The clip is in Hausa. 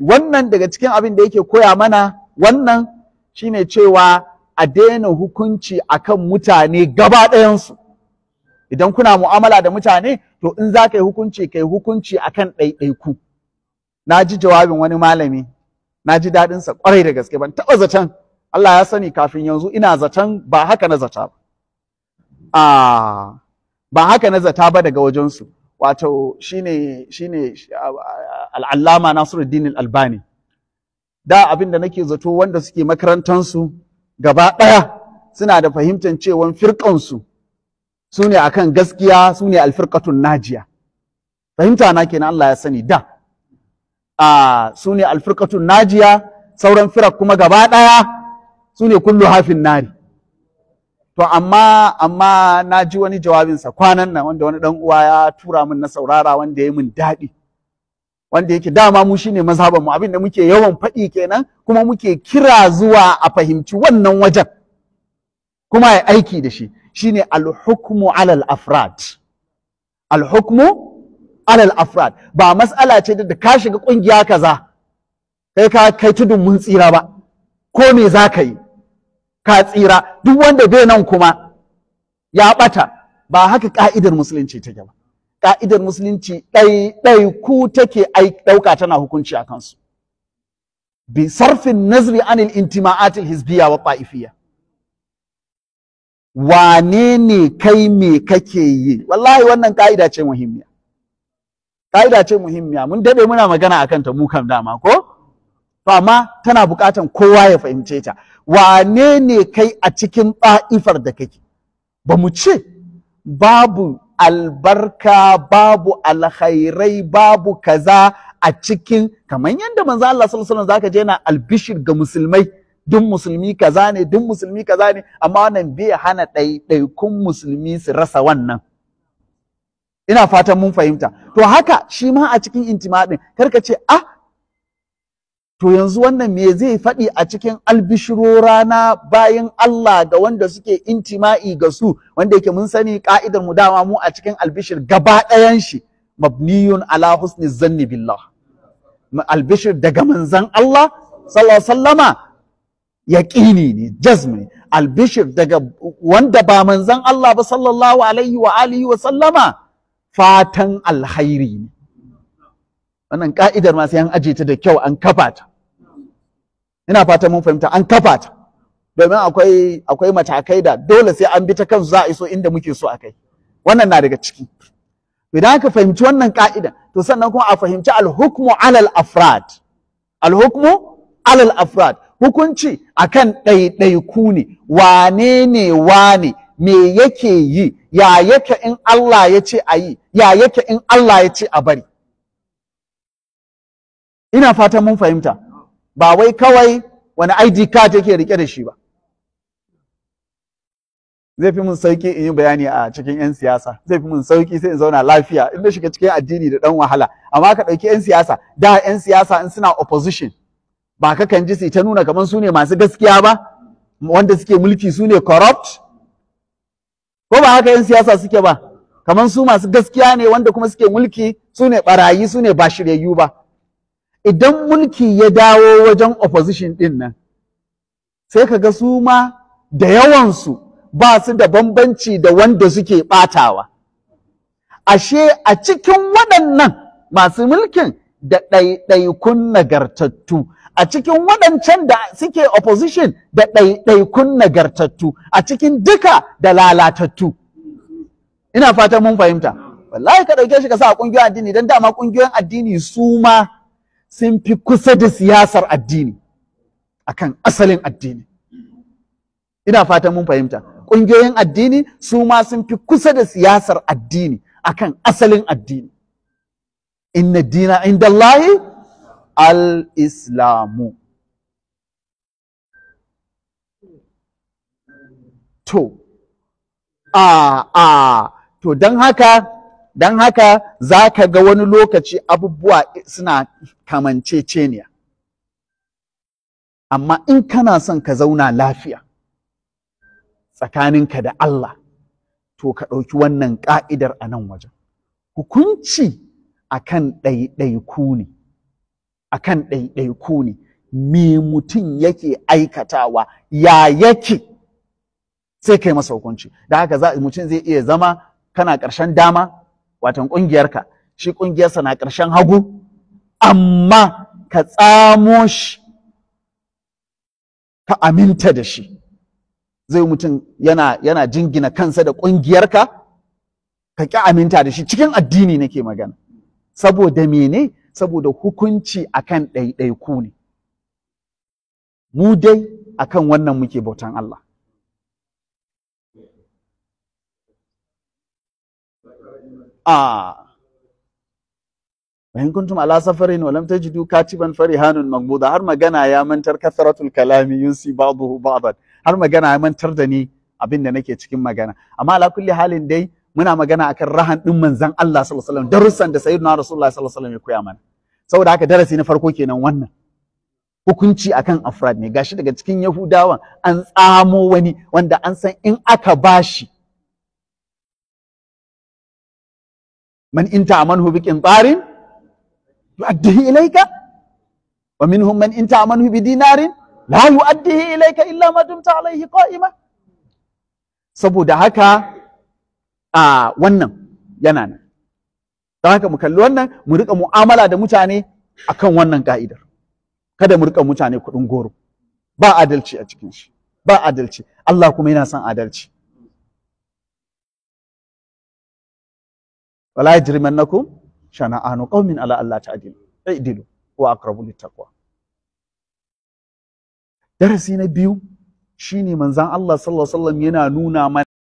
wannan daga cikin abin da yake koya mana wannan shine cewa a daina hukunci akan mutane gaba ɗayansu idan kuna mu'amala da mutane to in za ka yi hukunci ka yi hukunci akan ɗaiɗaiku na ji jawabin wani malami na ji daɗinsa ƙwarai da gaske ban taɓa zaton Allah ya sani kafin yanzu ina zaton ba haka na zata ba ba haka na zata ba daga wajensu wato shine shine al'allama Nasiruddin Albani da abin da nake zato wanda suke makarantansu gaba ɗaya suna da fahimtar cewa firƙansu su ne akan gaskiya su ne alfirƙatun najiya fahimta na kenan Allah ya sani da a su ne alfirƙatun najiya sauran firak kuma gaba ɗaya su ne kullu hafin nari to amma amma na ji wani jawabinsa kwanan nan wanda wani ɗan'uwa uwa ya tura min na saurara wanda ya yi min daɗi wanda yake dama mu shine mazhaban mu abin da muke yawan faɗi kenan kuma muke kira zuwa a fahimci wannan wajen kuma ya aiki da shi shine al alal afrad al alal afrad ba mas'ala ce da ka shiga kungiya kaza kai ka kai tudun mun tsira ba ko me za ka yi ka tsira duk wanda bai nan kuma ya bata ba haka ka'idar musulunci take ba ka'idar musulunci ɗai ku take ɗauka tana hukunci a kansu bi sarfin nazri anil intima'atil hizbiya wa ƙa'ifiya wane ne kai me kake yi wallahi wannan ka'ida ce muhimmiya ka'ida ce muhimmiya mun daɗe muna magana akan ta mu kam dama ko to tana buƙatan kowa ya fahimce ta wane ne kai a cikin ɗa'ifar da kake ba mu ce babu albarka babu alkhairai babu kaza a cikin kamar yadda manzo Allah sallallahu alaihi wasallam zaka je na albishir ga musulmai duk musulmi kaza ne duk musulmi kaza ne amma wannan bai hana ɗaiɗaikun musulmi su rasa wannan ina fatan mun fahimta to haka shi ma a cikin intima din karka ce ah to yanzu wannan me zai faɗi a cikin albishiro rana bayan Allah ga wanda suke intima'i ga su wanda yake mun sani ka'idar mu dama mu a cikin albishir gaba ɗayan shi mabniyun ala husni zanni billah albishir daga manzan Allah sallallahu alaihi wasallama yaqini ne jazmi albishir daga wanda ba manzan Allah ba sallallahu alaihi wa alihi wa sallama fatan alhairi wannan ka'idar ma sai an aje ta da kyau an kafa ta ina fata mun fahimta an kafa ta domin akwai akwai matakai da dole sai an bi ta kansu za a iso inda muke so a kai wannan na daga ciki idan aka fahimci wannan ka'ida to sannan kuma a fahimci alhukmu alal afrad alhukmu alal afrad hukunci akan ɗaiɗaiku ne wane ne wane me yake yi ya yake in Allah ya ce a yi ya yake in Allah ya ce a bari ina fatan mun fahimta ba wai kawai wani ID card yake rike da shi ba zai fi mun sauki in yi bayani a cikin 'yan siyasa zai fi mun sauki sai in zauna lafiya in da shiga cikin addini da ɗan wahala amma ka ɗauki 'yan siyasa da 'yan siyasa in suna opposition ba ka kan ji su ta nuna kamar su ne masu gaskiya ba wanda suke mulki su ne corrupt ko ba haka 'yan siyasa suke ba kamar su masu gaskiya ne wanda kuma suke mulki su ne barayi su ne ba shiryayyu ba idan mulki ya dawo wajen opposition ɗin nan sai ka ga su ma da yawansu ba su da bambanci da wanda suke ɓatawa ashe a cikin waɗannan masu mulkin da ɗaiɗaikun nagartattu a cikin waɗancan da suke opposition da ɗaiɗaikun nagartattu a cikin duka da lalatattu ina fatan mun fahimta wallahi ka ɗauke shi ka sa a ƙungiyoyin addini don dama ƙungiyoyin addini su ma sun fi kusa da siyasar addini akan asalin addini ina fatan mun fahimta ƙungiyoyin addini su ma sun fi kusa da siyasar addini akan asalin addini inna dina inda Allahi al-islamu to a a to don haka don haka za ka ga wani lokaci abubuwa suna kamanceceniya amma in kana son ka zauna lafiya tsakaninka da Allah to ka ɗauki wannan ƙa'idar a nan wajen hukunci a kan ɗaiɗaiku ne a kan ɗaiɗaiku ne me mutum yake aikatawa ya yake sai kai masa hukunci da haka mutum zai iya zama kana ƙarshen dama watan ƙungiyarka shi ƙungiyarsa na ƙarshen hagu amma ka tsamo shi ka aminta da shi zai mutum yana, jingina kansa da ƙungiyarka ka ƙi aminta da shi cikin addini nake magana saboda mene saboda hukunci akan ɗaiɗaiku ne mu dai akan wannan muke bautan Allah a in kuntum ala safarin wa lam tajidu katiban farihanun har magana ya mantar kalami yunsi ba'dahu ba'dan har magana ya mantar da ni abin da nake cikin magana amma ala kulli halin dai muna magana akan rahan din manzon Allah sallallahu alaihi wasallam darussan da sayyidina rasulullahi sallallahu alaihi wasallam ya koya mana saboda haka darasi na farko kenan wannan hukunci akan afrad ne gashi daga cikin yahudawan an tsamo wani wanda an san in aka bashi man in ta'manhu bi qintarin yu'addihi ilayka wa minhum man in ta'manhu bi dinarin la yu'addihi ilayka illa ma dumta alayhi qa'ima saboda haka a wannan yana nan don haka mu kalli wannan mu rika mu'amala da mutane akan wannan ka'idar kada mu rika mutane kuɗin goro ba adalci a cikin shi ba adalci Allah kuma yana son adalci wala yajrimannakum shana'anu qaumin ala alla ta'dilu i'dilu wa aqrabu littaqwa darasi na biyu shine manzon Allah sallallahu alaihi wasallam yana nuna mana